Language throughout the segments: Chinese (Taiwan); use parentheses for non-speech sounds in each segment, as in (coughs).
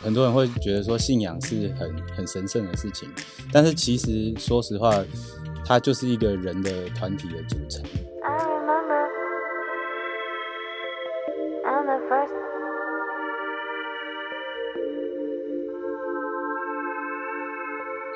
很多人會覺得說信仰是很很神聖的事情，但是其實說實話，它就是一個人的團體的組成。I'm Mama. I'm the first.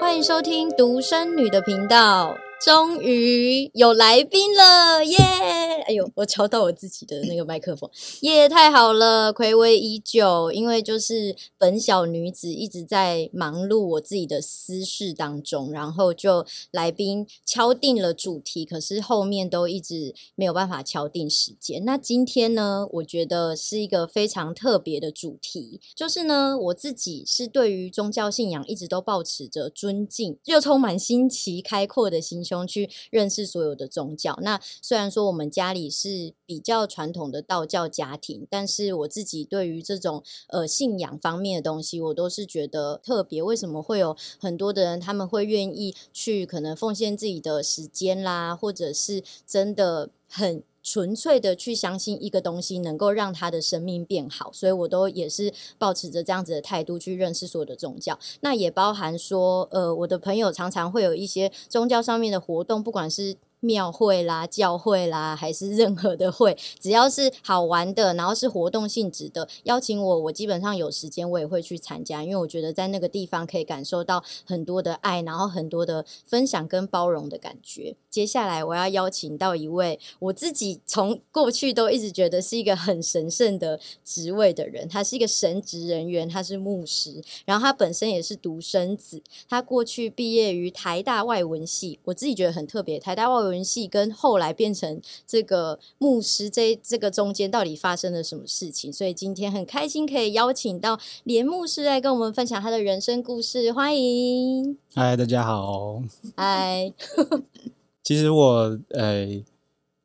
歡迎收聽獨生女的頻道。終於有來賓了，耶、yeah！哎呦，我敲到我自己的那個麥克風，耶、yeah，太好了，暌違已久。因為就是本小女子一直在忙碌我自己的私事當中，然後就來賓敲定了主題，可是後面都一直沒有辦法敲定時間。那今天呢，我覺得是一個非常特別的主題，就是呢，我自己是對於宗教信仰一直都抱持著尊敬，又充滿新奇開闊的心胸。去認識所有的宗教。那雖然說我們家裡是比較傳統的道教家庭，但是我自己對於這種呃信仰方面的東西，我都是覺得特別。為什麼會有很多的人他們會願意去可能奉獻自己的時間啦，或者是真的很。純粹的去相信一個東西能夠讓他的生命變好，所以我都也是抱持着這樣子的態度去認識所有的宗教。那也包含說，呃，我的朋友常常會有一些宗教上面的活動，不管是。廟會啦、教會啦，還是任何的會，只要是好玩的，然後是活動性質的，邀請我，我基本上有時間我也會去參加，因為我覺得在那個地方可以感受到很多的愛，然後很多的分享跟包容的感覺。接下來我要邀請到一位我自己從過去都一直覺得是一個很神聖的職位的人，他是一個神職人員，他是牧師，然後他本身也是獨生子，他過去畢業於台大外文系，我自己覺得很特別，台大外文，文戲跟後來變成這個牧師這，這這個中間到底發生了什麼事情？所以今天很開心可以邀請到連牧師來跟我們分享他的人生故事。歡迎，嗨，大家好，嗨 Hi。 (laughs) 其實我呃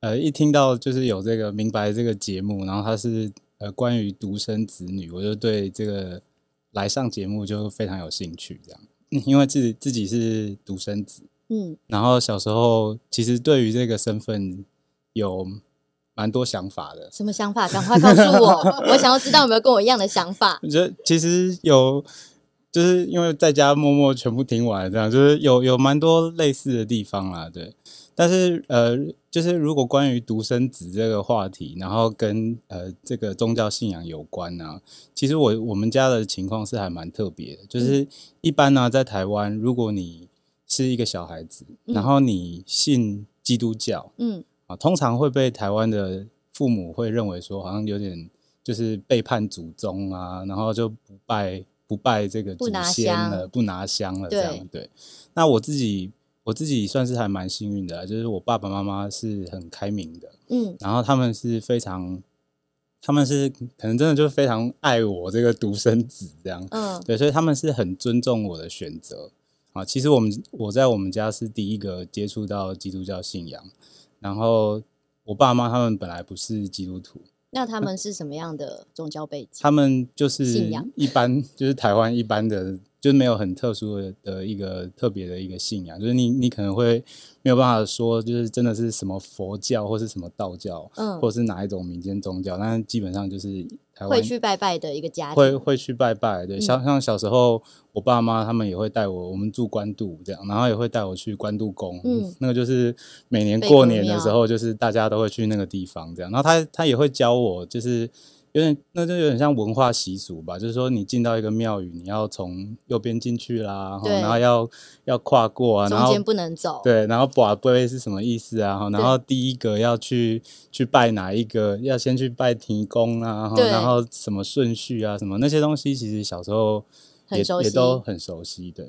呃，一聽到就是有這個明白這個節目，然後他是呃關於獨生子女，我就對這個來上節目就非常有興趣。這樣，因為自己自己是獨生子。嗯，然後小時候其實對於這個身份有蠻多想法的，什麼想法？趕快告訴我， (laughs) 我想要知道有沒有跟我一樣的想法。我覺得其實有，就是因為在家默默全部聽完，這樣就是有有蠻多類似的地方啦，對。但是呃，就是如果關於獨生子這個話題，然後跟呃這個宗教信仰有關呢，其實我我們家的情況是還蠻特別的，就是一般呢，在台灣，如果你是一個小孩子，嗯、然後你信基督教，嗯，啊，通常會被台灣的父母會認為說，好像有點就是背叛祖宗啊，然後就不拜不拜這個祖先了，不拿，不拿香了，這樣對，對。那我自己我自己算是還蠻幸運的，就是我爸爸媽媽是很開明的，嗯，然後他們是非常，他們是可能真的就是非常愛我這個獨生子這樣，嗯，對，所以他們是很尊重我的選擇。啊，其實我們我在我們家是第一個接觸到基督教信仰，然後我爸媽他們本來不是基督徒。那他們是什麼樣的宗教背景？他們就是信仰一般，信仰？就是台灣一般的。就沒有很特殊的的一個特別的一個信仰，就是你你可能會沒有辦法說，就是真的是什麼佛教或是什麼道教，嗯，或者是哪一種民間宗教，但是基本上就是會，會去拜拜的一個家庭，會會去拜拜。對，像、嗯、像小時候我爸媽他們也會帶我，我們住關渡這樣，然後也會帶我去關渡宮，嗯，那個就是每年過年的時候，就是大家都會去那個地方這樣，然後他他也會教我就是。有點，那就有點像文化習俗吧。就是說，你進到一個廟宇，你要從右邊進去啦，對然後要要跨過啊，然後中間不能走。對，然後跋杯是什麼意思啊？對然後第一個要去去拜哪一個？要先去拜天公啊，對然後什麼順序啊？什麼那些東西，其實小時候也也都很熟悉。對，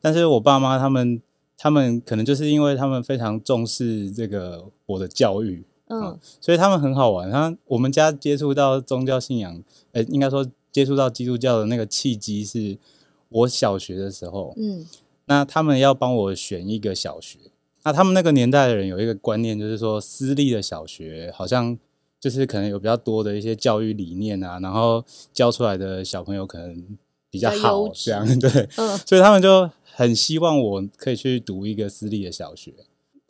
但是我爸媽他們他們可能就是因為他們非常重視這個我的教育。嗯，所以他們很好玩。他們我們家接觸到宗教信仰，呃、欸，應該說接觸到基督教的那個契機，是我小學的時候。嗯，那他們要幫我選一個小學。那他們那個年代的人有一個觀念，就是說私立的小學好像就是可能有比較多的一些教育理念啊，然後教出來的小朋友可能比較好這樣。對，嗯、所以他們就很希望我可以去讀一個私立的小學。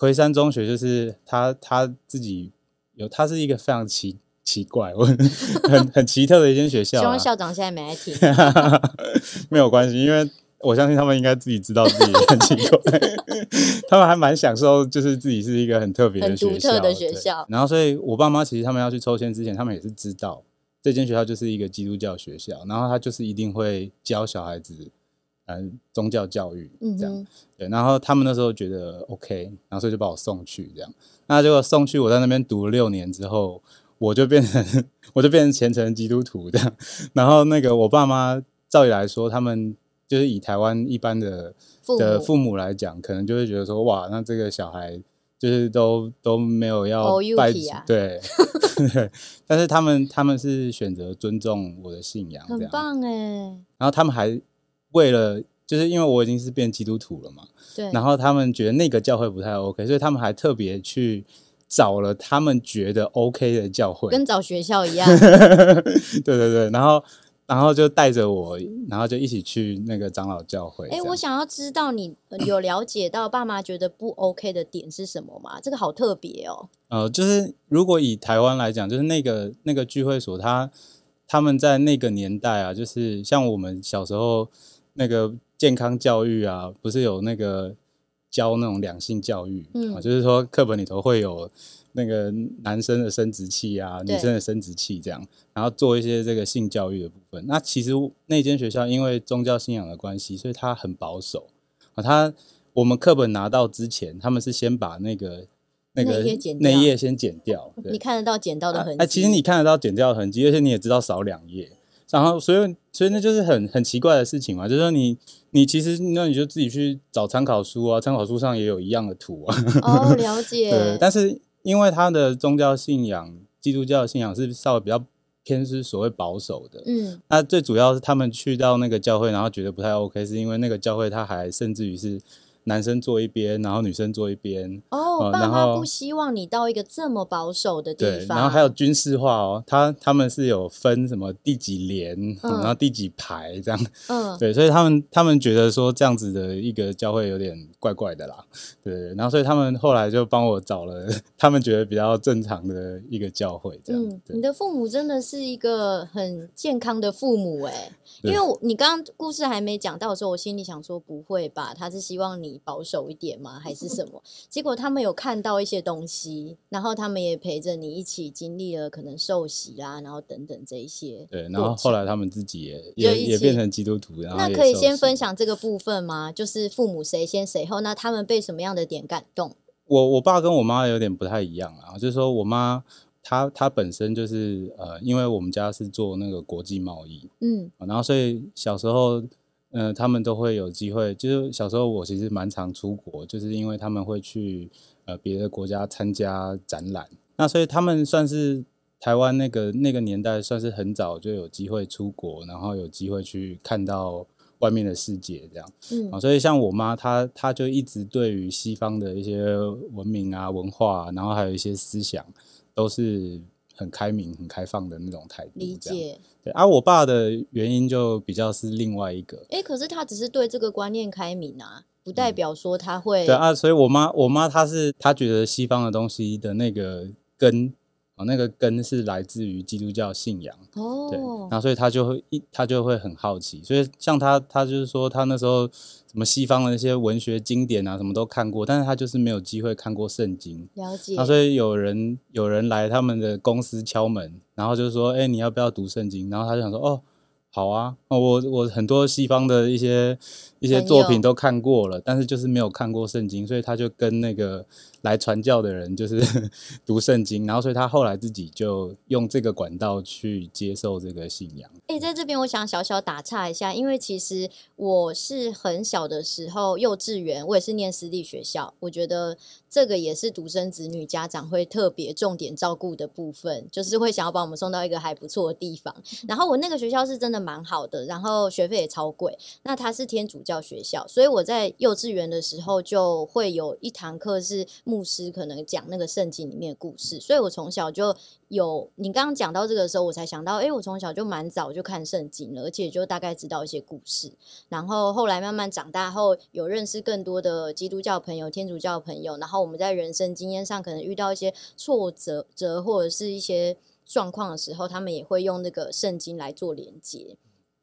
奎山中學就是他他自己有，他是一個非常奇奇怪、呵呵很很奇特的一間學校啊。 (laughs) 希望校長現在沒來聽？ (laughs) (laughs) 沒有關係，因為我相信他們應該自己知道自己很奇怪， (laughs) (laughs) 他們還蠻享受，就是自己是一個很特別的學校的，獨特的學校。對 (laughs) 然後，所以我爸媽其實他們要去抽籤之前，他們也是知道這間學校就是一個基督教學校，然後他就是一定會教小孩子。宗教教育這樣，嗯、哼對，然後他們那時候覺得 OK，然後所以就把我送去這樣。那結果送去，我在那邊讀了六年之後，我就變成我就變成虔誠基督徒這樣。然後那個我爸媽，照理來說，他們就是以台灣一般的父母的父母來講，可能就會覺得說，哇，那這個小孩就是都都沒有要拜，對。但是他們他們是選擇尊重我的信仰，這樣，很棒哎。然後他們還。為了就是因為我已經是變基督徒了嘛，對，然後他們覺得那個教會不太 OK，所以他們還特別去找了他們覺得 OK 的教會，跟找學校一樣。 (laughs) 對對對，然後然後就帶着我，然後就一起去那個長老教會。哎、欸，我想要知道你有了解到爸媽覺得不 OK 的點是什麼嗎？這個好特別哦。呃，就是如果以台灣來講，就是那個那個聚會所，他他們在那個年代啊，就是像我們小時候。那個健康教育啊，不是有那個教那種兩性教育，啊、嗯，就是說課本裡頭會有那個男生的生殖器啊，對女生的生殖器這樣，然後做一些這個性教育的部分。那其實那間學校因為宗教信仰的關係，所以它很保守啊。它我們課本拿到之前，他們是先把那個那個那頁先剪掉，你看得到剪掉的痕跡。啊，其實你看得到剪掉的痕跡，而且你也知道少兩頁。然後，所以，所以那就是很很奇怪的事情嘛，就是說你你其實那你就自己去找參考書啊，參考書上也有一樣的圖啊。哦，了解。對、呃，但是因為他的宗教信仰，基督教信仰是稍微比較偏是所謂保守的。嗯。那、啊、最主要是他們去到那個教會，然後覺得不太 OK，是因為那個教會他還甚至於是男生坐一邊，然後女生坐一邊。哦。我爸媽不希望你到一個這麼保守的地方。哦、然後，對，然後還有軍事化哦，他他們是有分什麼第幾連，嗯嗯、然後第幾排這樣。嗯，對，所以他們他們覺得說這樣子的一個教會有點怪怪的啦。對，然後所以他們後來就幫我找了他們覺得比較正常的一個教會這樣。嗯，對你的父母真的是一個很健康的父母哎、欸，因為我對你剛剛故事還沒講到的時候，我心裡想說不會吧，他是希望你保守一點嗎？還是什麼？ (laughs) 結果他們有。看到一些東西，然後他們也陪着你一起經歷了可能受洗啦、啊，然後等等這一些。對，然後後來他們自己也也也變成基督徒，然後那可以先分享這個部分嗎？就是父母誰先誰後，那他們被什麼樣的點感動？我我爸跟我媽有點不太一樣啊，就是說我媽她她本身就是呃，因為我們家是做那個國際貿易，嗯，然後所以小時候嗯，呃、他們都會有機會，就是小時候我其實蠻常出國，就是因為他們會去。呃，別的國家參加展覽，那所以他們算是台灣那個那個年代，算是很早就有機會出國，然後有機會去看到外面的世界，這樣。嗯，啊，所以像我媽，她她就一直對於西方的一些文明啊、文化啊，然後還有一些思想，都是很開明、很開放的那種態度。理解。對，而啊，我爸的原因就比較是另外一個。哎，可是他只是對這個觀念開明啊。不代表說他會、嗯、對啊，所以我媽我媽她是她覺得西方的東西的那個根啊，哦，那個根是來自於基督教信仰哦，對，然後所以她就會一她就會很好奇，所以像她她就是說她那時候什麼西方的那些文學經典啊，什麼都看過，但是她就是沒有機會看過聖經。了解。所以有人有人來他們的公司敲門，然後就是說，哎，你要不要讀聖經？然後她就想說，哦，好啊。哦，我我很多西方的一些一些作品都看過了，有但是就是沒有看過聖經，所以他就跟那個來傳教的人就是讀聖經，然後所以他後來自己就用這個管道，去接受這個信仰。哎、欸，在這邊我想小小打岔一下，因為其實我是很小的時候幼稚園，我也是念私立學校，我覺得這個也是獨生子女家長會特別重點照顧的部分，就是會想要把我們送到一個還不錯的地方。然後我那個學校是真的蠻好的。然後學費也超貴，那它是天主教學校，所以我在幼稚園的時候就會有一堂課是牧師可能講那個聖經裡面的故事，所以我從小就有。你剛剛講到這個時候，我才想到，哎，我從小就蠻早就看聖經了，而且就大概知道一些故事。然後後來慢慢長大後，有認識更多的基督教朋友，天主教朋友，然後我們在人生經驗上可能遇到一些挫折、折或者是一些狀況的時候，他們也會用那個聖經來做連接。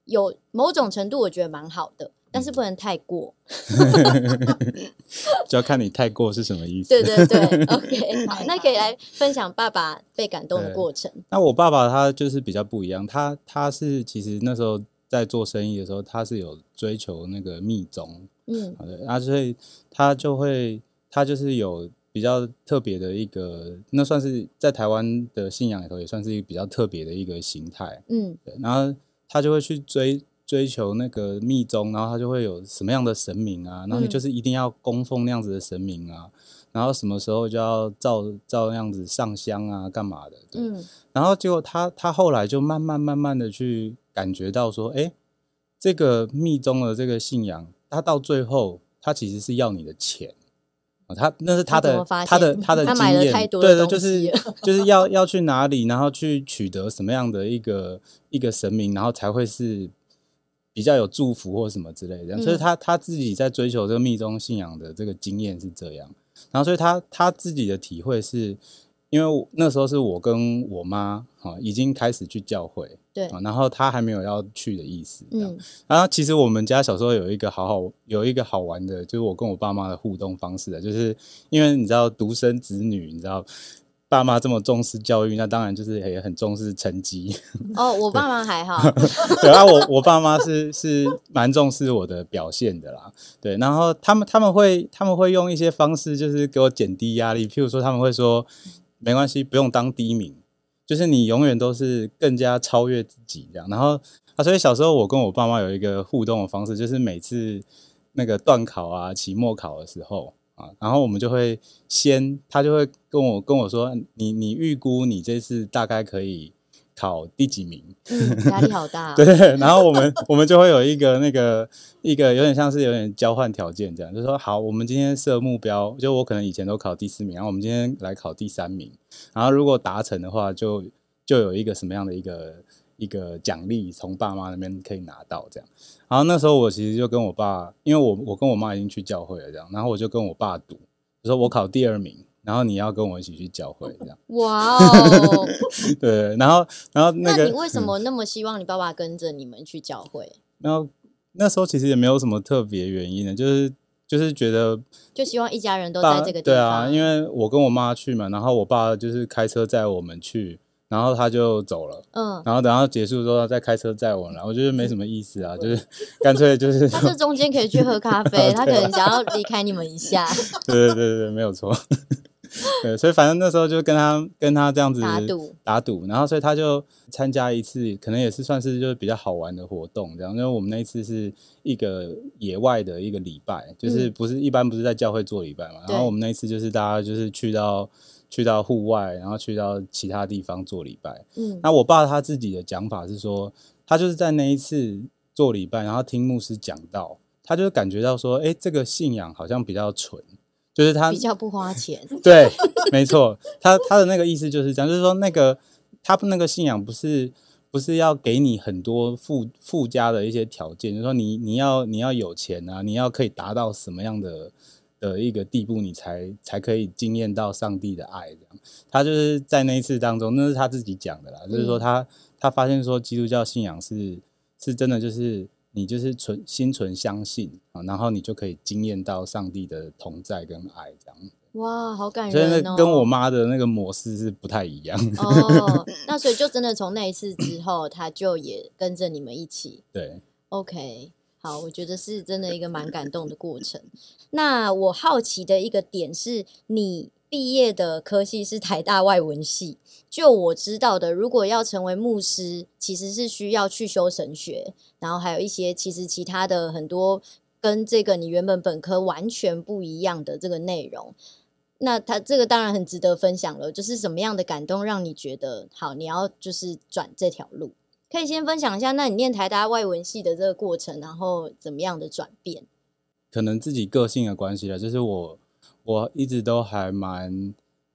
有某種程度，我覺得蠻好的，但是不能太過。嗯、 (laughs) (laughs) 就要看你太過是什麼意思？對對對 (laughs) ，OK，好，那可以來分享爸爸被感動的過程。嗯、那我爸爸他就是比較不一樣，他他是其實那時候在做生意的時候，他是有追求那個密宗，嗯，好的，啊，所以他就會他就是有比較特別的一個，那算是在台灣的信仰裡頭也算是一個比較特別的一個形態，嗯，對，然後。他就會去追追求那個密宗，然後他就會有什麼樣的神明啊，然後你就是一定要供奉那樣子的神明啊，嗯、然後什麼時候就要照照樣子上香啊，幹嘛的？對，嗯，然後結果他他後來就慢慢慢慢的去感覺到說，哎，這個密宗的這個信仰，他到最後，他其實是要你的錢。他那是他的，他，他的，他的經驗，的對，對對，就是就是要要去哪裡，然後去取得什麼樣的一個一個神明，然後才會是比較有祝福或什麼之類的。就是、嗯、所以他他自己在追求這個密宗信仰的這個經驗是這樣，然後所以他他自己的體會是因為那時候是我跟我媽啊已經開始去教會。對，然後他還沒有要去的意思。嗯，然後其實我們家小時候有一個好好有一個好玩的，就是我跟我爸媽的互動方式啊，就是因為你知道獨生子女，你知道爸媽這麼重視教育，那當然就是也很重視成績。哦，我爸媽還好。對， (laughs) 對 (laughs) 啊，我我爸媽是是蠻重視我的表現的啦。對，然後他們他們會他們會用一些方式，就是給我減低壓力，譬如說他們會說，沒關係，不用當第一名。就是你永遠都是更加超越自己這樣，然後啊，所以小時候我跟我爸媽有一個互動的方式，就是每次那個段考啊、期末考的時候啊，然後我們就會先，他就會跟我跟我說，你你預估你這次大概可以。考第幾名？壓力好大。對，然後我們我們就會有一個那個 (laughs) 一個有點像是有點交換條件這樣，就說好，我們今天設目標，就我可能以前都考第四名，然後我們今天來考第三名，然後如果達成的話就，就就有一個什麼樣的一個一個獎勵，從爸媽那邊可以拿到這樣。然後那時候我其實就跟我爸，因為我我跟我媽已經去教會了這樣，然後我就跟我爸賭，說我考第二名。然後你要跟我一起去教會，這樣哇。Wow. (laughs) 對，然後然後那個、那你為什麼那麼希望你爸爸跟着你們去教會？嗯、然後那時候其實也沒有什麼特別原因的，就是就是覺得就希望一家人都在這個地方。對啊，因為我跟我媽去嘛，然後我爸就是開車載我們去，然後他就走了。嗯，然後等到結束之後他再開車載我們，然後我覺得沒什麼意思啊，嗯、就是乾 (laughs) 脆就是。他是中間可以去喝咖啡， (laughs) 他可能想要離開你們一下。 (laughs) 對對對對，沒有錯。對，所以反正那時候就跟他跟他這樣子打賭，打賭，然後所以他就參加一次，可能也是算是就是比較好玩的活動，這樣。因為我們那一次是一個野外的一個禮拜，就是不是、嗯、一般不是在教會做禮拜嘛？嗯、然後我們那一次就是大家就是去到去到戶外，然後去到其他地方做禮拜。嗯，那我爸他自己的講法是說，他就是在那一次做禮拜，然後聽牧師講道，他就感覺到說，誒，這個信仰好像比較純。就是他比較不花錢， (laughs) 對，沒錯，他他的那個意思就是這樣，就是說那個他那個信仰不是不是要給你很多附附加的一些條件，就是說你你要你要有錢啊，你要可以達到什麼樣的的一個地步，你才才可以經驗到上帝的愛這樣。他就是在那一次當中，那是他自己講的啦，嗯、就是說他他發現說基督教信仰是是真的，就是。你就是存心存相信啊，然後你就可以經驗到上帝的同在跟愛這樣。哇，好感人哦！真的跟我媽的那個模式是不太一樣哦。那所以就真的從那一次之後， (coughs) 他就也跟着你們一起。對，OK，好，我覺得是真的一個蠻感動的過程。那我好奇的一個點是你。畢業的科系是台大外文系。就我知道的，如果要成為牧師，其實是需要去修神學，然後還有一些其實其他的很多跟這個你原本本科完全不一樣的這個內容。那他這個當然很值得分享了，就是什麼樣的感動讓你覺得好，你要就是轉這條路？可以先分享一下，那你念台大外文系的這個過程，然後怎麼樣的轉變？可能自己個性的關係了，就是我。我一直都還蠻、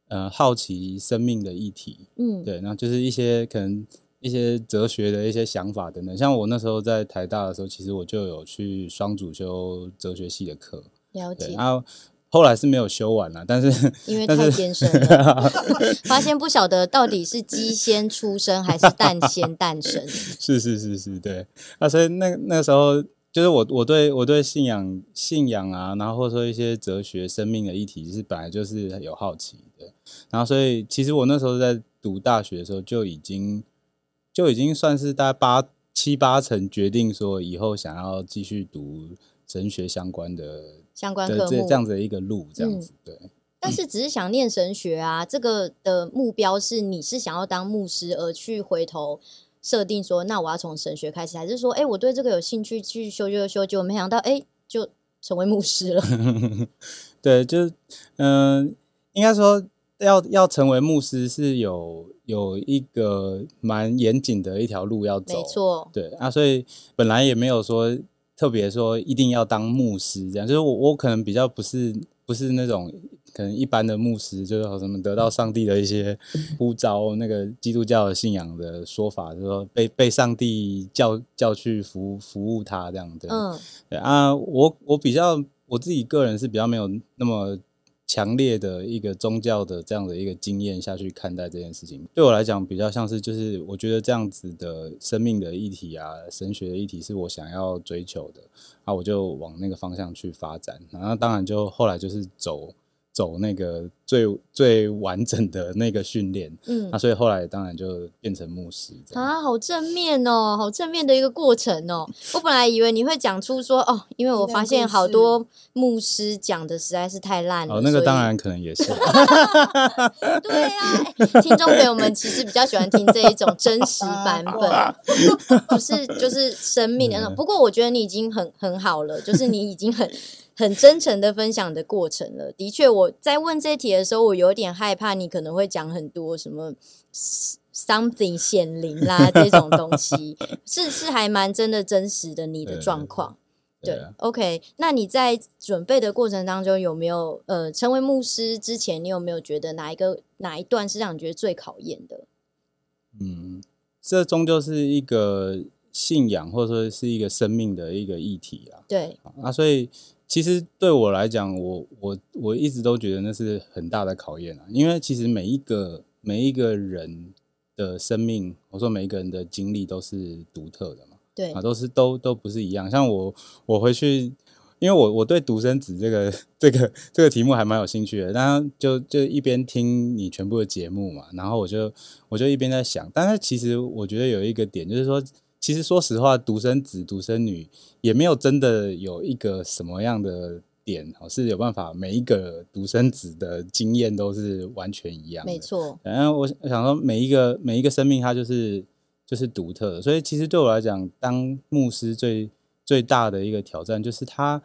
呃、好奇生命的議題，嗯，對，那就是一些可能一些哲學的一些想法等等。像我那時候在台大的時候，其實我就有去雙主修哲學系的課，了解。然後、啊、後來是沒有修完了，但是因為太艱深，是 (laughs) (laughs) 發現不曉得到底是雞先出生還是蛋先誕生。 (laughs) 是是是是，對。那、啊、所以那那個、時候。嗯就是我，我對我對信仰信仰啊，然後或者說一些哲學、生命的議題，是本來就是有好奇的。然後，所以其實我那時候在讀大學的時候，就已經就已經算是大概八七八成決定說，以後想要繼續讀神學相關的相關科目這樣子的一個路，嗯、這樣子對。但是，只是想念神學啊，嗯、這個的目標是你是想要當牧師而去回頭。設定說，那我要從神學開始，還是說，哎、欸，我對這個有興趣，去修就修修，就沒想到，哎、欸，就成為牧師了。 (laughs) 對，就嗯、呃，應該說要要成為牧師是有有一個蠻嚴謹的一條路要走，沒錯。對啊，所以本來也沒有說特別說一定要當牧師這樣，就是我我可能比較不是。不是那種可能一般的牧師，就是什麼得到上帝的一些呼召， (laughs) 那個基督教的信仰的說法，就是說被被上帝叫叫去服服務他這樣的，嗯，對啊，我我比較我自己個人是比較沒有那麼。強烈的一個宗教的這樣的一個經驗下去看待這件事情，對我來講比較像是就是我覺得這樣子的生命的議題啊、神學的議題是我想要追求的啊，我就往那個方向去發展。然後當然就後來就是走。走那個最最完整的那個訓練，嗯，那、啊、所以後來當然就變成牧師啊，好正面哦，好正面的一個過程哦。我本來以為你會講出說哦，因為我發現好多牧師講的實在是太爛了。哦，那個當然可能也是，以 (laughs) (laughs) 對啊。聽眾朋友們其實比較喜歡聽這一種真實版本，不、啊啊 (laughs) 就是就是生命的那種。對不過我覺得你已經很很好了，就是你已經很。 (laughs) 很真誠的分享的過程了。的確，我在問這題的時候，我有點害怕你可能會講很多什麼 “something 顯靈啦”啦 (laughs) 這種東西， (laughs) 是是還蠻真的真實的你的狀況。對，對，對啊，OK。那你在準備的過程當中，有沒有呃成為牧師之前，你有沒有覺得哪一個哪一段是讓你覺得最考驗的？嗯，這終究是一個信仰，或者說是一個生命的一個議題啊。對啊，所以。其實對我來講，我我我一直都覺得那是很大的考驗啊，因為其實每一個每一個人的生命，我說每一個人的經歷都是獨特的嘛，對啊，都是都都不是一樣。像我我回去，因為我我對獨生子這個這個這個題目還蠻有興趣的，當然就就一邊聽你全部的節目嘛，然後我就我就一邊在想，但是其實我覺得有一個點就是說。其實說實話，獨生子、獨生女也沒有真的有一個什麼樣的點哦，是有辦法每一個獨生子的經驗都是完全一樣的。沒錯，反正我想說，每一個每一個生命它就是就是獨特的。所以其實對我來講，當牧師最最大的一個挑戰就是他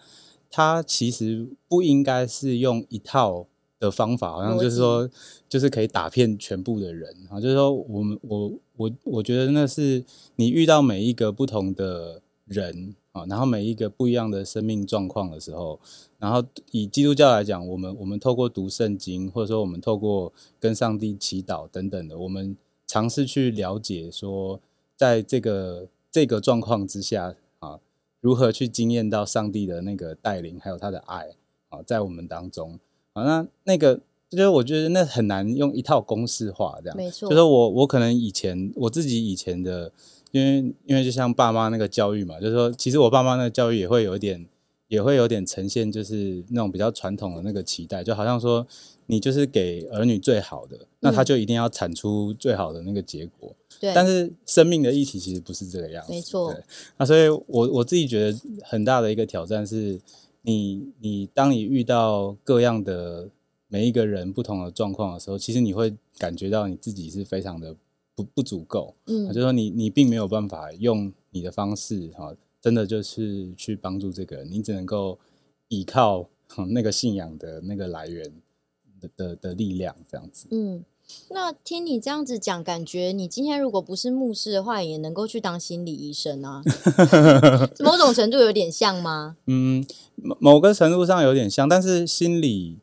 他其實不應該是用一套的方法，好像就是說就是可以打遍全部的人啊，就是說我們我。我我覺得那是你遇到每一個不同的人啊，然後每一個不一樣的生命狀況的時候，然後以基督教來講，我們我們透過讀聖經，或者說我們透過跟上帝祈禱等等的，我們嘗試去了解說，在這個這個狀況之下啊，如何去經驗到上帝的那個帶領，還有他的愛啊，在我們當中啊，那那個。就是我覺得那很難用一套公式化這樣沒錯，沒錯。就是我我可能以前我自己以前的，因為因為就像爸媽那個教育嘛，就是說其實我爸媽那個教育也會有一點，也會有點呈現就是那種比較傳統的那個期待，就好像說你就是給兒女最好的，嗯、那他就一定要產出最好的那個結果。對。但是生命的議題其實不是這個樣子，沒錯。那所以我我自己覺得很大的一個挑戰是你，你你當你遇到各樣的。每一個人不同的狀況的時候，其實你會感覺到你自己是非常的不不足夠，嗯，就是說你你並沒有辦法用你的方式哈、啊，真的就是去幫助這個人，你只能夠依靠那個信仰的那個來源的的的力量這樣子。嗯，那聽你這樣子講，感覺你今天如果不是牧師的話，也能夠去當心理醫生啊， (laughs) 某種程度有點像嗎？嗯，某某個程度上有點像，但是心理。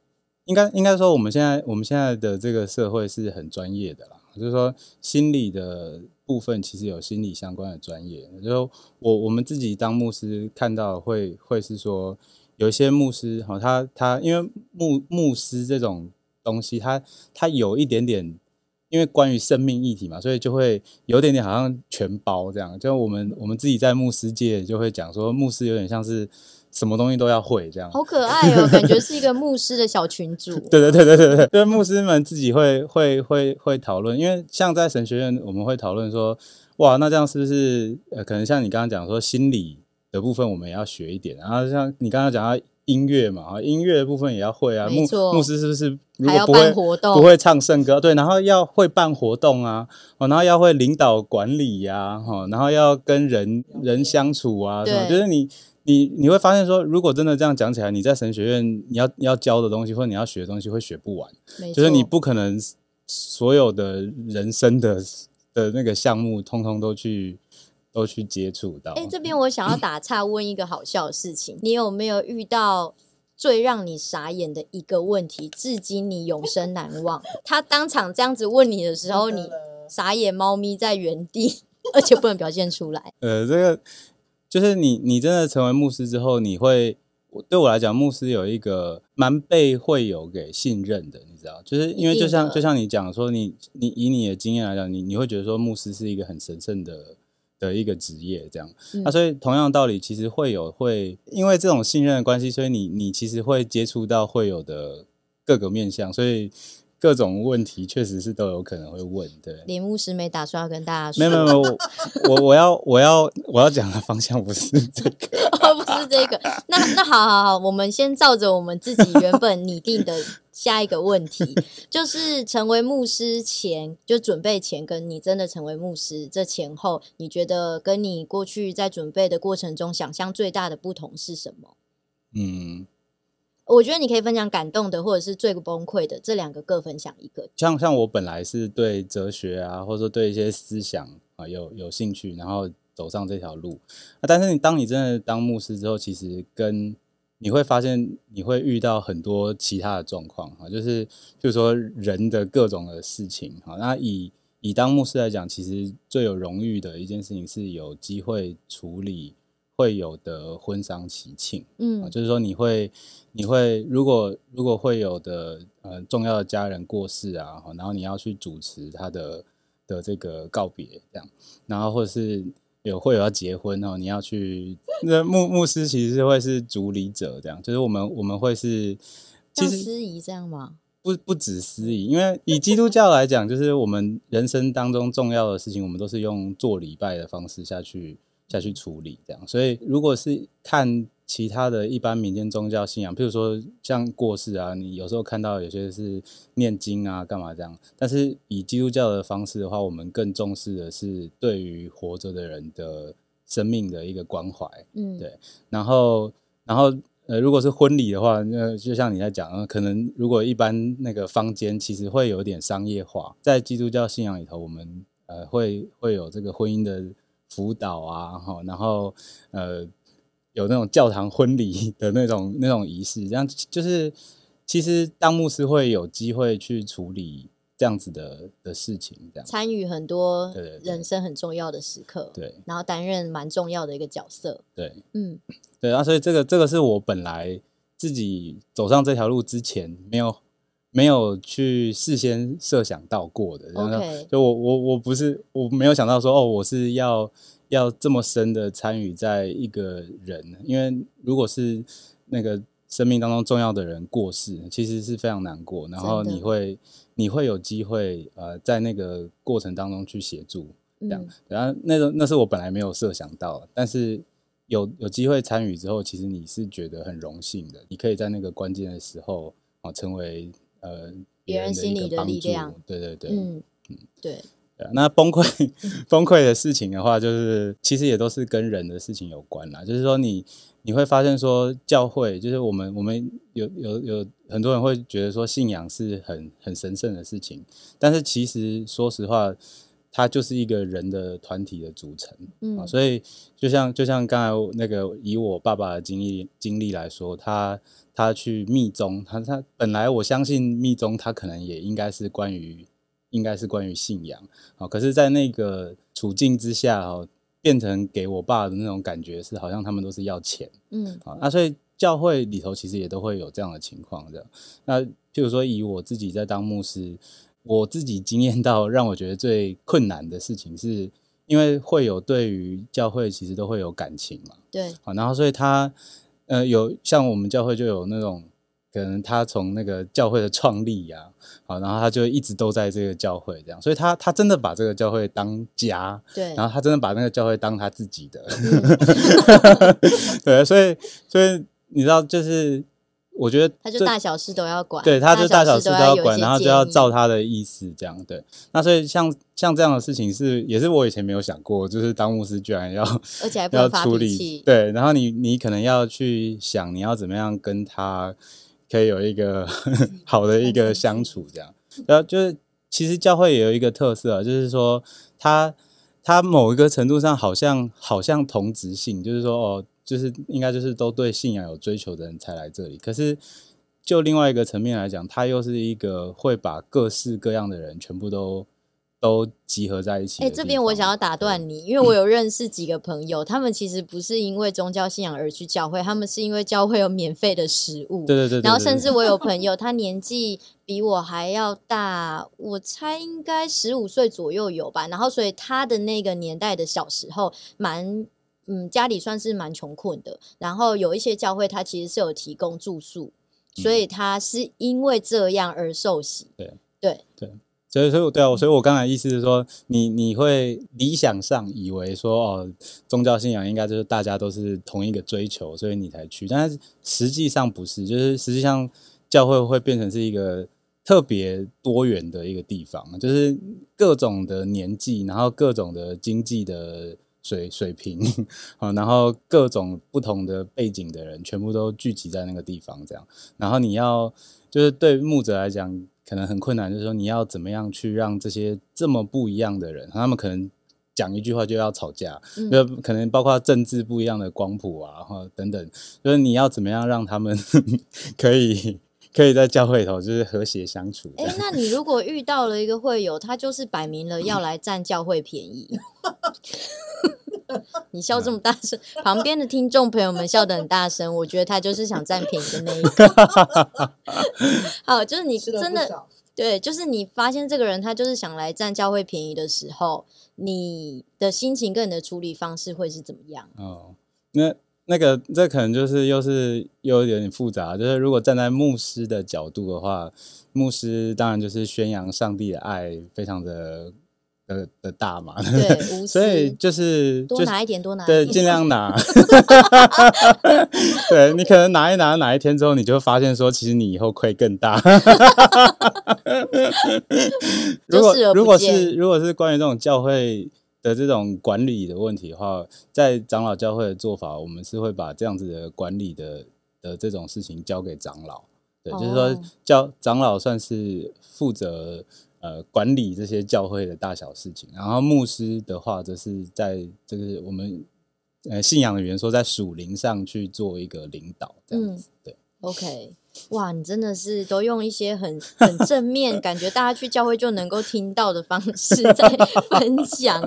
應該應該說，我們現在我們現在的這個社會是很專業的啦，就是說心理的部分其實有心理相關的專業，就是我我們自己當牧師看到會會是說，有一些牧師哈、哦，他他因為牧牧師這種東西他，他他有一點點，因為關於生命議題嘛，所以就會有點點好像全包這樣，就我們我們自己在牧師界就會講說，牧師有點像是。什麼東西都要會，這樣好可愛哦， (laughs) 感覺是一個牧師的小群組、啊。 (laughs) 對對對對對對，因為牧師們自己會會會會討論，因為像在神學院，我們會討論說，哇，那這樣是不是呃，可能像你剛剛講說，心理的部分我們也要學一點，然後像你剛剛講到音樂嘛，音樂的部分也要會啊。沒錯牧。牧師是不是？如果不會還要辦活動不會唱聖歌，對，然後要會辦活動啊，然後要會領導管理呀，哈，然後要跟人人相處啊，對就是你。你你會發現說，如果真的這樣講起來，你在神學院你要你要教的東西，或者你要學的東西，會學不完，沒錯。就是你不可能所有的人生的的那個項目，通通都去都去接觸到。哎、欸，這邊我想要打岔，問一個好笑的事情， (laughs) 你有沒有遇到最讓你傻眼的一個問題，至今你永生難忘？ (laughs) 他當場這樣子問你的時候，你傻眼貓咪在原地，而且不能表現出來。呃，這個。就是你，你真的成為牧師之後，你會對我來講，牧師有一個蠻被會友給信任的，你知道，就是因為就像的就像你講說，你你以你的經驗來講，你你會覺得說，牧師是一個很神聖的的一個職業，這樣。那、嗯啊、所以同樣的道理，其實會有會因為這種信任的關係，所以你你其實會接觸到會友的各個面向，所以。各種問題確實是都有可能會問，對。連牧師沒打算要跟大家說。沒有沒有，我我，我要我要我要講的方向不是這個、啊 (laughs) 哦，不是這個。那那好好好，我們先照着我們自己原本擬定的下一個問題， (laughs) 就是成為牧師前就準備前，跟你真的成為牧師這前後，你覺得跟你過去在準備的過程中想象最大的不同是什麼？嗯。我覺得你可以分享感動的，或者是最崩潰的，這兩個各分享一個。像像我本來是對哲學啊，或者說對一些思想啊有有興趣，然後走上這條路。啊，但是你當你真的當牧師之後，其實跟你會發現你會遇到很多其他的狀況哈、啊，就是就是說人的各種的事情哈、啊。那以以當牧師來講，其實最有榮譽的一件事情是有機會處理會有的婚喪喜慶，嗯、啊，就是說你會，你會如果如果會有的呃重要的家人過世啊，然後你要去主持他的的這個告別這樣，然後或者是有會有要結婚哦，你要去那 (laughs) 牧牧師其實會是主禮者這樣，就是我們我們會是其實司儀這樣嗎？不不止司儀，因為以基督教來講， (laughs) 就是我們人生當中重要的事情，我們都是用做禮拜的方式下去下去處理這樣，所以如果是看。其他的一般民間宗教信仰，譬如說像過世啊，你有時候看到有些是念經啊，幹嘛這樣。但是以基督教的方式的話，我們更重視的是對於活着的人的生命的一個關懷。嗯，對。然後，然後，呃，如果是婚禮的話，那就像你在講，可能如果一般那個坊間其實會有一點商業化。在基督教信仰裡頭，我們呃會會有這個婚姻的輔導啊，哈，然後呃。有那種教堂婚禮的那種那種儀式，這樣，就是其實當牧師會有機會去處理這樣子的的事情。這樣，參與很多人生很重要的時刻，對,對,對，然後擔任蠻重要的一個角色，對，嗯，對，啊所以這個這個是我本來自己走上這條路之前沒有沒有去事先設想到過的，對，OK，就我我我不是我沒有想到說哦，我是要。要這麼深的參與在一個人，因為如果是那個生命當中重要的人過世，其實是非常難過。然後你會的你會有機會，呃，在那個過程當中去協助，這樣。然後、嗯啊、那個那是我本來沒有設想到，但是有有機會參與之後，其實你是覺得很榮幸的。你可以在那個關鍵的時候啊、呃，成為呃別人心裡的力量的一個幫助。對對對，嗯，嗯對。那崩潰崩潰的事情的話，就是其實也都是跟人的事情有關啦。就是說你，你你會發現說，教會就是我們我們有有有很多人會覺得說，信仰是很很神聖的事情，但是其實說實話，它就是一個人的團體的組成。嗯。啊，所以就像就像剛才那個以我爸爸的經歷經歷來說，他他去密宗，他他本來我相信密宗，他可能也應該是關於。應該是關於信仰，好，可是，在那個處境之下，哦，變成給我爸的那種感覺是，好像他們都是要錢，嗯，啊，那所以教會裡頭其實也都會有這樣的情況的。那譬如說，以我自己在當牧師，我自己經驗到，讓我覺得最困難的事情是，因為會有對於教會其實都會有感情嘛，對，啊，然後所以他，呃，有像我們教會就有那種，可能他從那個教會的創立呀。好，然後他就一直都在這個教會這樣，所以他他真的把這個教會當家，對，然後他真的把那個教會當他自己的，嗯、 (laughs) (laughs) 對，所以所以你知道，就是我覺得就他就大小事都要管，對，他就大小事都要管，要然後就要照他的意思這樣，對。那所以像像這樣的事情是也是我以前沒有想過，就是當牧師居然要而且還不要，要處理，對，然後你你可能要去想你要怎麼樣跟他。可以有一個好的一個相處，這樣，然後就是其實教會也有一個特色啊，就是說它它某一個程度上好像好像同質性，就是說哦，就是應該就是都對信仰有追求的人才來這裡。可是就另外一個層面來講，它又是一個會把各式各樣的人全部都。都集合在一起。哎、欸，這邊我想要打斷你，對因為我有認識幾個朋友，嗯、他們其實不是因為宗教信仰而去教會，他們是因為教會有免費的食物。對對對、對。然後甚至我有朋友， (laughs) 他年紀比我還要大，我猜應該十五歲左右有吧。然後所以他的那個年代的小時候，蠻嗯，家裡算是蠻窮困的。然後有一些教會，他其實是有提供住宿，所以他是因為這樣而受洗。對對對。對對所以，所以，我對啊，所以我剛才意思是說，你你會理想上以為說，哦，宗教信仰應該就是大家都是同一個追求，所以你才去，但是實際上不是，就是實際上教會會變成是一個特別多元的一個地方，就是各種的年紀，然後各種的經濟的水水平啊，然後各種不同的背景的人全部都聚集在那個地方，這樣，然後你要就是對牧者來講。可能很困難，就是說你要怎麼樣去讓這些這麼不一樣的人，他們可能講一句話就要吵架，嗯、就可能包括政治不一樣的光譜啊，等等，就是你要怎麼樣讓他們可以可以在教會裡頭就是和諧相處。哎，那你如果遇到了一個會友，他就是擺明了要來佔教會便宜。嗯 (laughs) 你笑這麼大聲，嗯、旁邊的聽眾朋友們笑得很大聲，我覺得他就是想占便宜的那一個。 (laughs) 好，就是你真的對，就是你發現這個人他就是想來占教會便宜的時候，你的心情跟你的處理方式會是怎麼樣？哦，那那個這可能就是又是又有點複雜。就是如果站在牧師的角度的話，牧師當然就是宣揚上帝的愛，非常的。的的大嘛，對，所以就是多拿一點，就多拿一點對，盡量拿。 (laughs) (laughs) 對，你可能拿一拿，哪一天之後，你就會發現說，其實你以後虧更大。 (laughs) 如果是如果是如果是關於這種教會的這種管理的問題的話，在長老教會的做法，我們是會把這樣子的管理的的這種事情交給長老。對，哦啊、就是說，教長老算是負責。呃，管理這些教會的大小事情，然後牧師的話，則是在這個我們呃信仰的元素，在屬靈上去做一個領導這樣子，嗯、對。OK，哇，你真的是都用一些很很正面， (laughs) 感覺大家去教會就能夠聽到的方式在分享，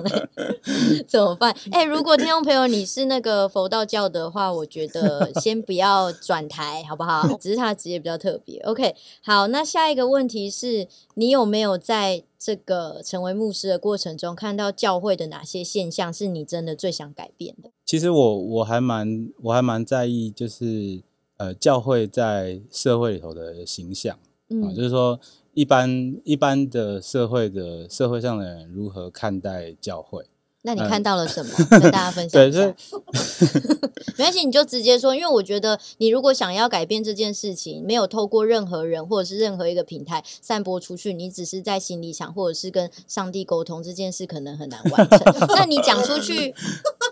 (laughs) 怎麼辦？哎、欸，如果聽眾朋友你是那個佛道教的話，我覺得先不要轉台，好不好？ (laughs) 只是他的職業比較特別。OK，好，那下一個問題是，你有沒有在這個成為牧師的過程中，看到教會的哪些現象是你真的最想改變的？其實我我還蠻我還蠻在意，就是。呃，教會在社會裡頭的形象、嗯啊、就是說一般一般的社會的社會上的人如何看待教會？那你看到了什麼？呃、跟大家分享一下。 (laughs) 沒關係，你就直接說，因為我覺得你如果想要改變這件事情，沒有透過任何人或者是任何一個平台散播出去，你只是在心裡想或者是跟上帝溝通這件事，可能很難完成。 (laughs) 那你講出去。 (laughs)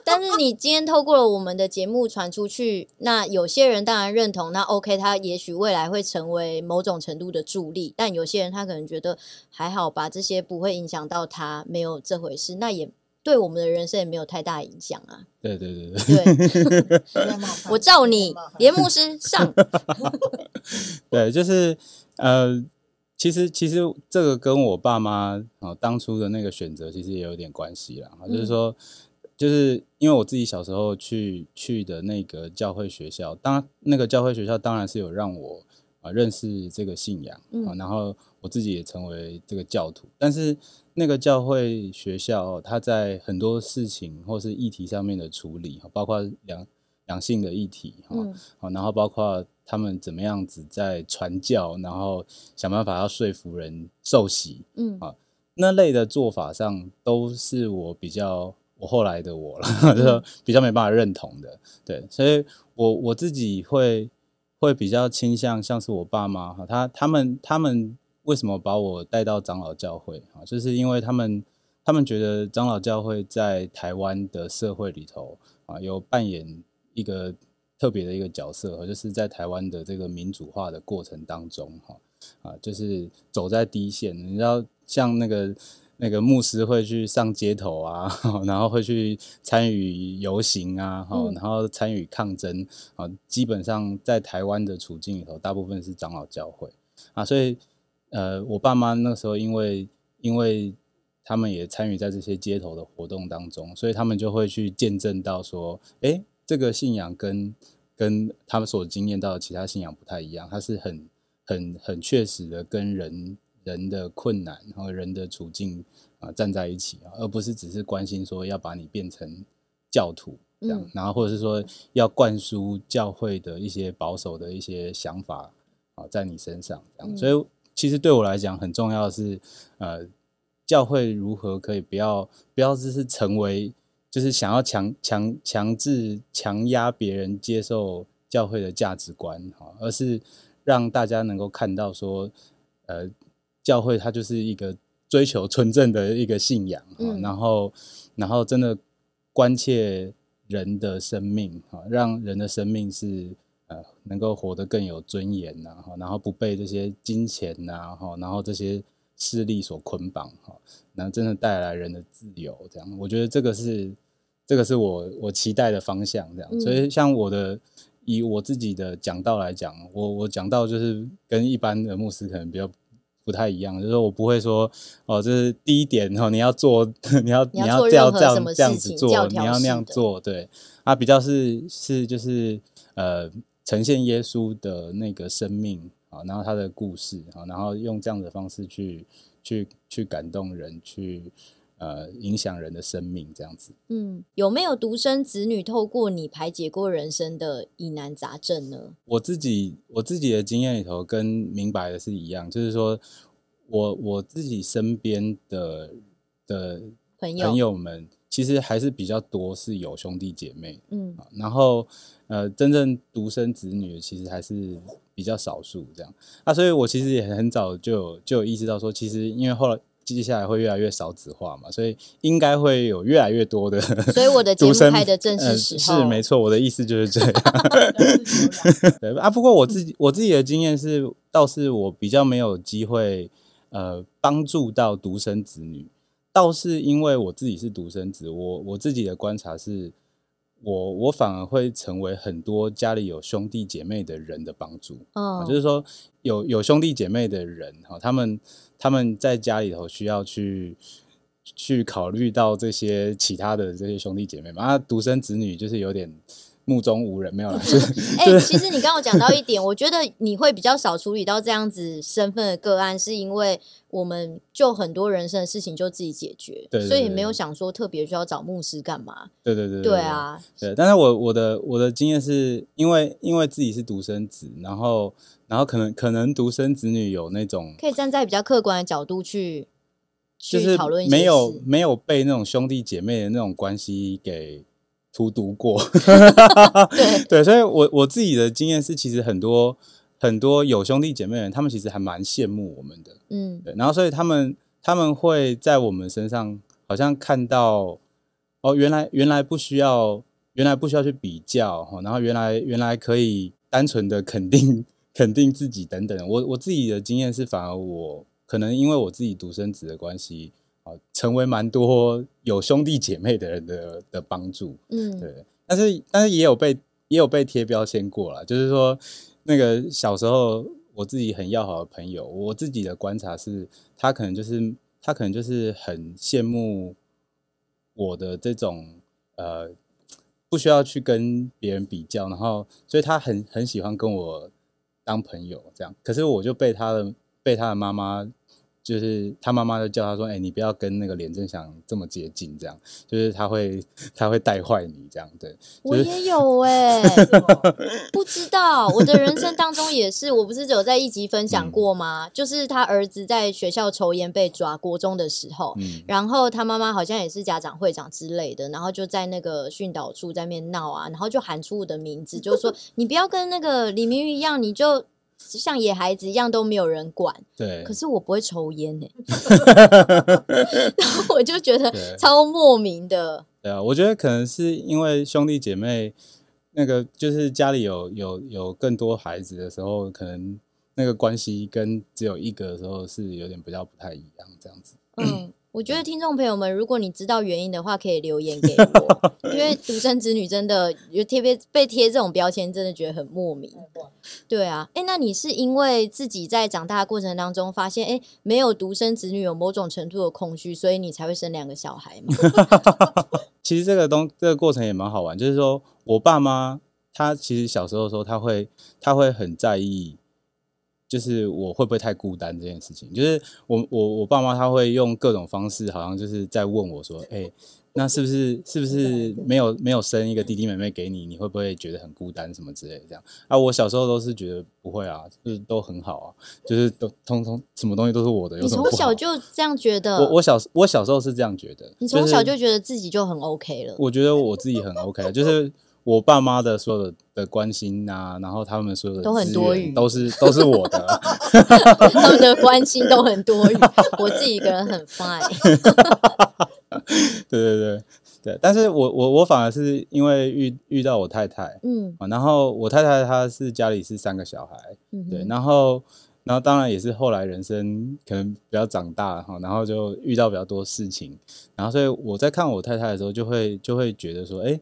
但是你今天透過了我們的節目傳出去，那有些人當然認同，那 OK，他也許未來會成為某種程度的助力。但有些人他可能覺得還好吧，這些不會影響到他，沒有這回事，那也對我們的人生也沒有太大影響啊。對對對對，對。 (laughs) 我照你，連 (laughs) 牧師上。 (laughs) 對，就是呃，其實其實這個跟我爸媽啊、哦、當初的那個選擇其實也有點關係啦，就是說。嗯就是因為我自己小時候去去的那個教會學校，當那個教會學校當然是有讓我啊認識這個信仰啊，嗯、然後我自己也成為這個教徒。但是那個教會學校，它在很多事情或是議題上面的處理，包括兩兩性的議題哈，好、嗯，然後包括他們怎麼樣子在傳教，然後想辦法要說服人受洗，嗯啊，那類的做法上，都是我比較。我後來的我了， (laughs) 就是比較沒辦法認同的，對，所以，我我自己會會比較傾向像是我爸媽哈，他他們他們為什麼把我帶到長老教會啊？就是因為他們他們覺得長老教會在台灣的社會裡頭啊，有扮演一個特別的一個角色，就是在台灣的這個民主化的過程當中哈啊，就是走在第一線。你知道像那個。那個牧師會去上街頭啊，然後會去參與遊行啊，嗯、然後參與抗爭啊。基本上在台灣的處境裡頭，大部分是長老教會啊，所以呃，我爸媽那時候因為因為他們也參與在這些街頭的活動當中，所以他們就會去見證到說，誒，這個信仰跟跟他們所經驗到的其他信仰不太一樣，它是很很很確實的跟人。人的困難，和人的處境啊、呃，站在一起啊，而不是只是關心說要把你變成教徒這樣，嗯、然後或者是說要灌輸教會的一些保守的一些想法啊、呃，在你身上這樣、嗯、所以其實對我來講很重要的是，呃，教會如何可以不要不要只是成為，就是想要強強強制強壓別人接受教會的價值觀哈、呃，而是讓大家能夠看到說，呃。教會它，就是一個追求純正的一個信仰、嗯、然後，然後真的關切人的生命啊，讓人的生命是呃能夠活得更有尊嚴，然後，然後不被這些金錢吶，哈，然後這些勢力所捆綁哈，然後真的帶來人的自由，這樣，我覺得這個是這個是我我期待的方向，這樣，嗯、所以像我的以我自己的講道來講，我我講道就是跟一般的牧師可能比較。不太一樣，就是說我不會說哦，這是第一點，哦，然後你要做，你要你要這樣這樣這樣子做，你要那樣做，對，啊，比較是是就是呃，呈現耶穌的那個生命啊，然後他的故事啊，然後用這樣的方式去去去感動人去。呃，影響人的生命這樣子。嗯，有沒有獨生子女透過你排解過人生的疑難雜症呢？我自己我自己的經驗裡頭跟明白的是一樣，就是說我我自己身邊的的朋友朋友們，友其實還是比較多是有兄弟姐妹。嗯，然後呃，真正獨生子女其實還是比較少數這樣。那，啊，所以我其實也很早就有就有意識到說，其實因為後來。接下來會越來越少子化嘛，所以應該會有越來越多的。所以我的節目開的正是時候，嗯。是沒錯，我的意思就是這樣。 (laughs) (laughs) (laughs) 對，啊，不過我自己我自己的經驗是，倒是我比較沒有機會，呃，幫助到獨生子女。倒是因為我自己是獨生子，我我自己的觀察是，我我反而會成為很多家裡有兄弟姐妹的人的幫助。哦，就是說有有兄弟姐妹的人哈，他們。他們在家裡頭需要去去考慮到這些其他的這些兄弟姐妹嘛，啊，獨生子女就是有點。目中無人，沒有了。哎、 (laughs) 欸，其實你剛剛講到一點， (laughs) 我覺得你會比較少處理到這樣子身份的個案，是因為我們就很多人生的事情就自己解決，對對對對，所以沒有想說特別需要找牧師幹嘛。對對，對對對，對啊。對，但是我我的我的經驗是，因為因為自己是獨生子，然後然後可能可能獨生子女有那種可以站在比較客觀的角度去，就是，去討論一下，沒有沒有被那種兄弟姐妹的那種關係給。荼毒過 (laughs) 對， (laughs) 對，所以我，我我自己的經驗是，其實很多很多有兄弟姐妹的人，他們其實還蠻羨慕我們的，嗯對，然後，所以他們他們會在我們身上好像看到，哦，原來原來不需要，原來不需要去比較哦。然後原來原來可以單純的肯定肯定自己等等。我我自己的經驗是，反而我可能因為我自己獨生子的關係。成為蠻多有兄弟姐妹的人的的幫助，嗯，對，但是但是也有被也有被貼標籤過啦，就是說那個小時候我自己很要好的朋友，我自己的觀察是他可能就是他可能就是很羨慕我的這種呃，不需要去跟別人比較，然後所以他很很喜歡跟我當朋友這樣，可是我就被他的被他的媽媽，就是他媽媽就叫他說：“哎、欸，你不要跟那個連振翔這麼接近，這樣。就是他會他會帶壞你這樣對。就是”我也有哎，不知道我的人生當中也是，我不是只有在一集分享過嗎？嗯、就是他兒子在學校抽菸被抓，國中的時候，嗯、然後他媽媽好像也是家長會長之類的，然後就在那個訓導處在那邊鬧啊，然後就喊出我的名字，就是說 (laughs) 你不要跟那個李明玉一樣，你就。像野孩子一樣都沒有人管，對。可是我不會抽煙呢，欸， (laughs) (laughs) 然後我就覺得超莫名的。對啊，我覺得可能是因為兄弟姐妹那個，就是家裡有有有更多孩子的時候，可能那個關係跟只有一個的時候是有點比較不太一樣這樣子。嗯。我覺得聽眾朋友們，如果你知道原因的話，可以留言給我， (laughs) 因為獨生子女真的有特別被貼這種標籤，真的覺得很莫名。對啊、欸，那你是因為自己在長大的過程當中發現，哎、欸，沒有獨生子女有某種程度的空虛，所以你才會生兩個小孩嗎？ (laughs) 其實這個東這個過程也蠻好玩，就是說我爸媽他其實小時候的時候，他會他會很在意。就是我會不會太孤單這件事情，就是我我我爸媽他會用各種方式，好像就是在問我說，哎、欸，那是不是是不是沒有沒有生一個弟弟妹妹給你，你會不會覺得很孤單什麼之類這樣？啊，我小時候都是覺得不會啊，就是都很好啊，就是都通通什麼東西都是我的。有什麼不好？你從小就這樣覺得？我我小我小時候是這樣覺得。就是、你從小就覺得自己就很 OK 了？我覺得我自己很 OK，就是。我爸媽的所有的關心啊，然後他們所有的都很多餘，都是都是我的， (laughs) (laughs) 他們的關心都很多餘， (laughs) 我自己一個人很 fine。 (laughs) (laughs) 對對對對，但是我我我反而是因為遇遇到我太太，嗯，然後我太太她是家裡是三個小孩，嗯、哼對，然後然後當然也是後來人生可能比較長大哈，然後就遇到比較多事情，然後所以我在看我太太的時候，就會就會覺得說，哎。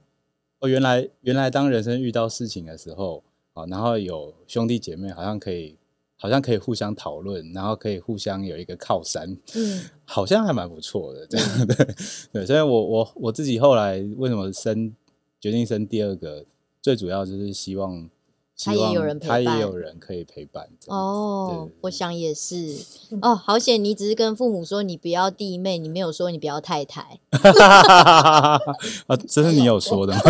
原來、哦、原來，原來當人生遇到事情的時候，啊，然後有兄弟姐妹，好像可以，好像可以互相討論，然後可以互相有一個靠山，好像還蠻不錯的，這樣對，所以我我我自己後來為什麼生決定生第二個，最主要就是希望。他也有人陪伴，他也有人可以陪伴。哦，對我想也是。哦，好險，你只是跟父母說你不要弟妹，你沒有說你不要太太。 (laughs) (laughs) 啊，這是你有說的嗎？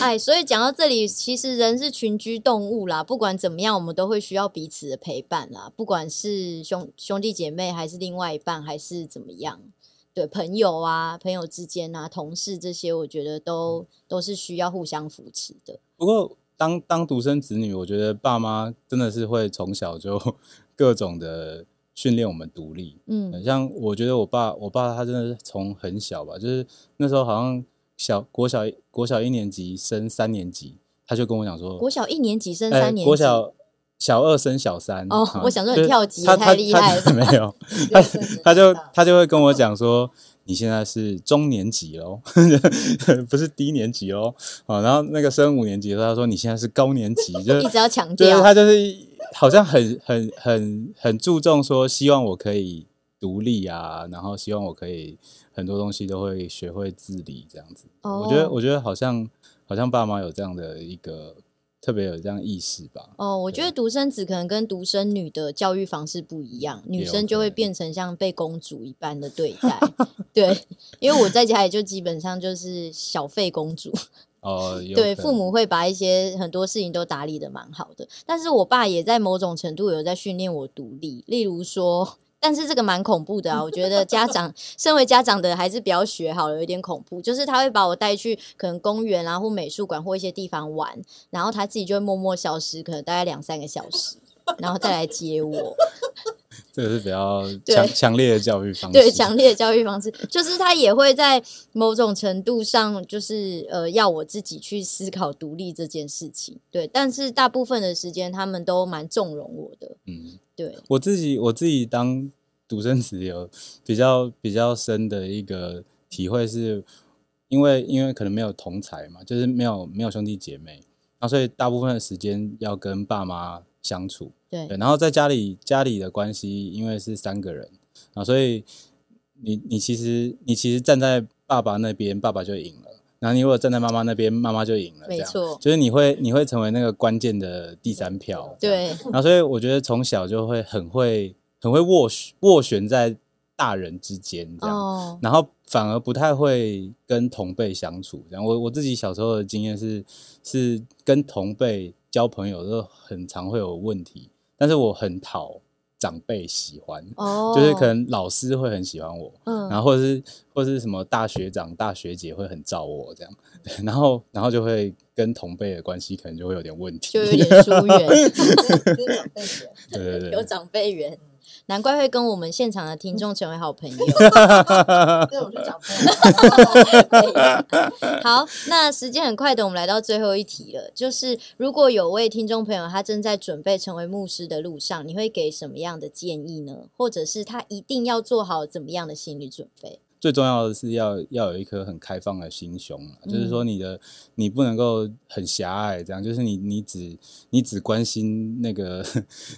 (laughs) 哎，所以講到這裡，其實人是群居動物啦，不管怎麼樣，我們都會需要彼此的陪伴啦，不管是兄兄弟姐妹，還是另外一半，還是怎麼樣。對，朋友啊，朋友之間啊，同事這些，我覺得都、嗯、都是需要互相扶持的。不過當，當當獨生子女，我覺得爸媽真的是會從小就各種的訓練我們獨立。嗯，像我覺得我爸，我爸他真的是從很小吧，就是那時候好像小國小國小，國小一年級升三年級，他就跟我講說，國小一年級升三年級、哎，國小。小二升小三，哦，我想說你跳級，太厲害了。沒有，他他就他就會跟我講說，你現在是中年級嘍，不是低年級嘍啊。然後那個升五年級的時候，他說你現在是高年級，就一直要強調，他就是好像很很很很注重說，希望我可以獨立啊，然後希望我可以很多東西都會學會自理這樣子。我覺得我覺得好像好像爸媽有這樣的一個。特別有這樣意識吧？哦，我覺得獨生子可能跟獨生女的教育方式不一樣，對女生就會變成像被公主一般的對待。 (laughs) 對，因為我在家裡就基本上就是小廢公主。哦，對，父母會把一些很多事情都打理得蠻好的，但是我爸也在某種程度有在訓練我獨立，例如說。但是這個蠻恐怖的啊！我覺得家長，身為家長的還是比較學好了，有點恐怖。就是他會把我帶去可能公園啊，或美術館或一些地方玩，然後他自己就會默默消失，可能大概兩三個小時，然後再來接我。這個是比較強強對烈的教育方式，對，強烈的教育方式，就是他也會在某種程度上，就是呃，要我自己去思考獨立這件事情。對，但是大部分的時間他們都蠻縱容我的，嗯，對，我自己我自己當。獨生子有比較比較深的一個體會，是因為因為可能沒有同儕嘛，就是沒有沒有兄弟姐妹，然後所以大部分的時間要跟爸媽相處。對，對，然後在家裡家裡的關係，因為是三個人啊，然後所以你你其實你其實站在爸爸那邊，爸爸就贏了；然後你如果站在媽媽那邊，媽媽就贏了這樣。沒錯，就是你會你會成為那個關鍵的第三票。對，然後所以我覺得從小就會很會很會斡旋斡旋在大人之間這樣，oh. 然後反而不太會跟同輩相處。然後我我自己小時候的經驗是，是跟同輩交朋友都很常會有問題，但是我很討長輩喜歡，oh. 就是可能老師會很喜歡我，oh. 然後或者是或者是什麼大學長、大學姐會很照我這樣，然後然後就會跟同輩的關係可能就會有點問題，就有點疏遠，有長輩緣。對對對，有長輩緣。難怪會跟我們現場的聽眾成為好朋友，哈哈哈哈哈。我去找朋友，好，那時間很快的，我們來到最後一題了，就是如果有位聽眾朋友他正在準備成為牧師的路上，你會給什麼樣的建議呢？或者是他一定要做好怎麼樣的心理準備？最重要的是要要有一顆很開放的心胸，嗯，就是說你的你不能夠很狹隘，這樣就是你你只你只關心那個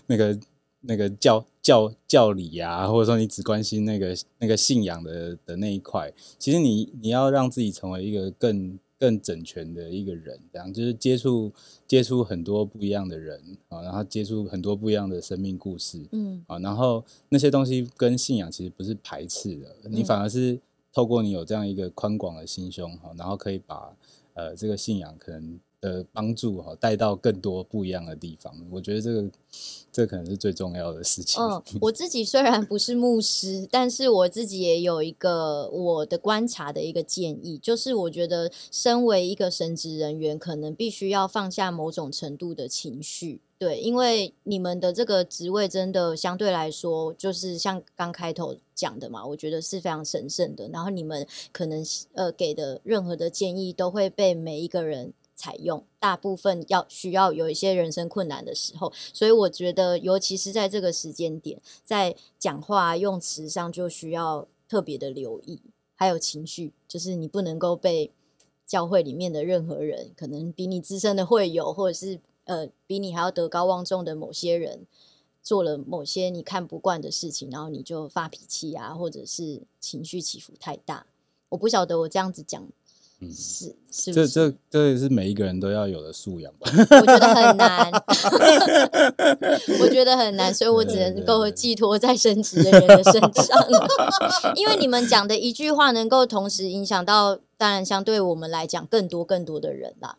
那個。那個教教教理呀，啊，或者說你只關心那個那個信仰的的那一塊，其實你你要讓自己成為一個更更整全的一個人，這樣就是接觸接觸很多不一樣的人啊，然後接觸很多不一樣的生命故事，嗯啊，然後那些東西跟信仰其實不是排斥的，你反而是透過你有這樣一個寬廣的心胸，哈，然後可以把呃這個信仰可能。呃，幫助哈帶到更多不一樣的地方，我覺得這個這可能是最重要的事情。嗯，我自己雖然不是牧師， (laughs) 但是我自己也有一個我的觀察的一個建議，就是我覺得身為一個神職人員，可能必須要放下某種程度的情緒，對，因為你們的這個職位真的相對來說，就是像剛開頭講的嘛，我覺得是非常神聖的。然後你們可能呃給的任何的建議，都會被每一個人。採用大部分要需要有一些人生困難的時候，所以我覺得尤其是在這個時間點，在講話、啊、用詞上就需要特別的留意，還有情緒，就是你不能夠被教會裡面的任何人，可能比你資深的會友，或者是呃比你還要德高望重的某些人，做了某些你看不慣的事情，然後你就發脾氣啊，或者是情緒起伏太大。我不曉得我這樣子講。是、嗯、是，是是這這這也是每一個人都要有的素養吧？我覺得很難， (laughs) (laughs) 我覺得很難，所以我只能夠寄託在神職的人的身上，對對對對，因為你們講的一句話，能夠同時影響到，當然相對我們來講，更多更多的人啦。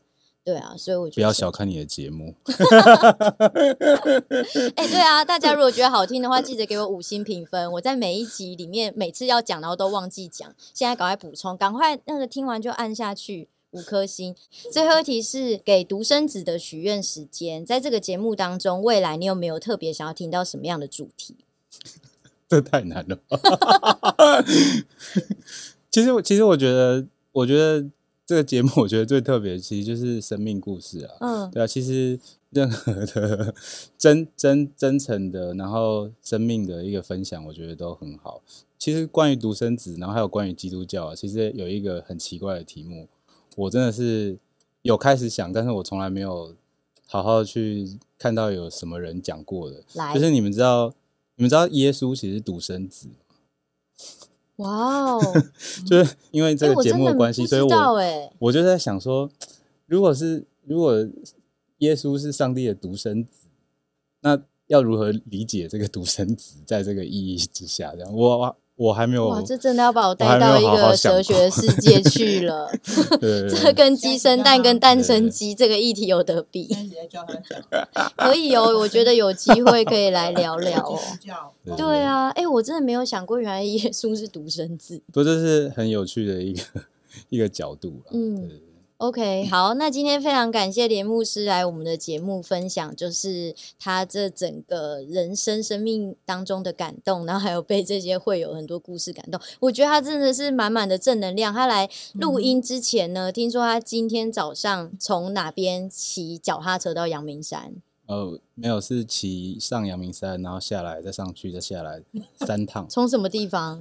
對啊，所以我覺得不要小看你的節目。哎、 (laughs) 欸，對啊，大家如果覺得好聽的話，記得給我五星評分。我在每一集裡面，每次要講然後都忘記講，現在趕快補充，趕快那個聽完就按下去五顆星。最後一題是給獨生子的許願時間，在這個節目當中，未來你有沒有特別想要聽到什麼樣的主題？這太難了。 (laughs) 其實，其實我覺得，我覺得。這個節目我覺得最特別的，其實就是生命故事啊。嗯，對啊，其實任何的真真真誠的，然後生命的一個分享，我覺得都很好。其實關於獨生子，然後還有關於基督教啊，其實有一個很奇怪的題目，我真的是有開始想，但是我從來沒有好好去看到有什麼人講過的。來就是你們知道，你們知道耶穌其實是獨生子。哇哦！Wow, (laughs) 就是因為這個節目的關係，所以我我就在想說，如果是如果耶穌是上帝的獨生子，那要如何理解這個獨生子在這個意義之下？這樣我。我還沒有哇！這真的要把我帶到一個好好哲學的世界去了。 (laughs) 對對對 (laughs) 這跟雞生蛋跟蛋生雞這個議題有得比。 (laughs) 對對對，可以哦，我覺得有機會可以來聊聊哦。 (laughs) 對，對啊，哎、欸，我真的沒有想過，原來耶穌是獨生子。不，這是很有趣的一個一個角度，啊。嗯。OK，好，那今天非常感謝連牧師來我們的節目分享，就是他這整個人生生命當中的感動，然後還有被這些會有很多故事感動。我覺得他真的是滿滿的正能量。他來錄音之前呢，嗯、聽說他今天早上從哪邊騎腳踏車到陽明山？哦、呃，沒有，是騎上陽明山，然後下來再上去再下來三趟。從什麼地方？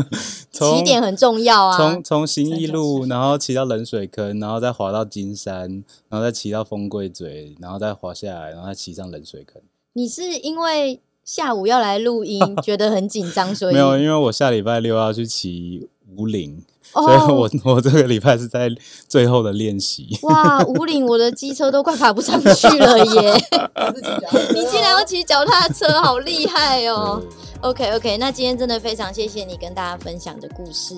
(laughs) 從起點很重要啊。從從行義路，然後騎到冷水坑，然後再滑到金山，然後再騎到風櫃嘴，然後再滑下來，然後再騎上冷水坑。你是因為下午要來錄音， (laughs) 覺得很緊張，所以沒有？因為我下禮拜六要去騎武嶺。所以我、oh. 我這個禮拜是在最後的練習。哇，武嶺我的機車都快爬不上去了耶！ (laughs) 自己你竟然要騎腳踏車，好厲害哦 (laughs) ！OK OK，那今天真的非常謝謝你跟大家分享的故事。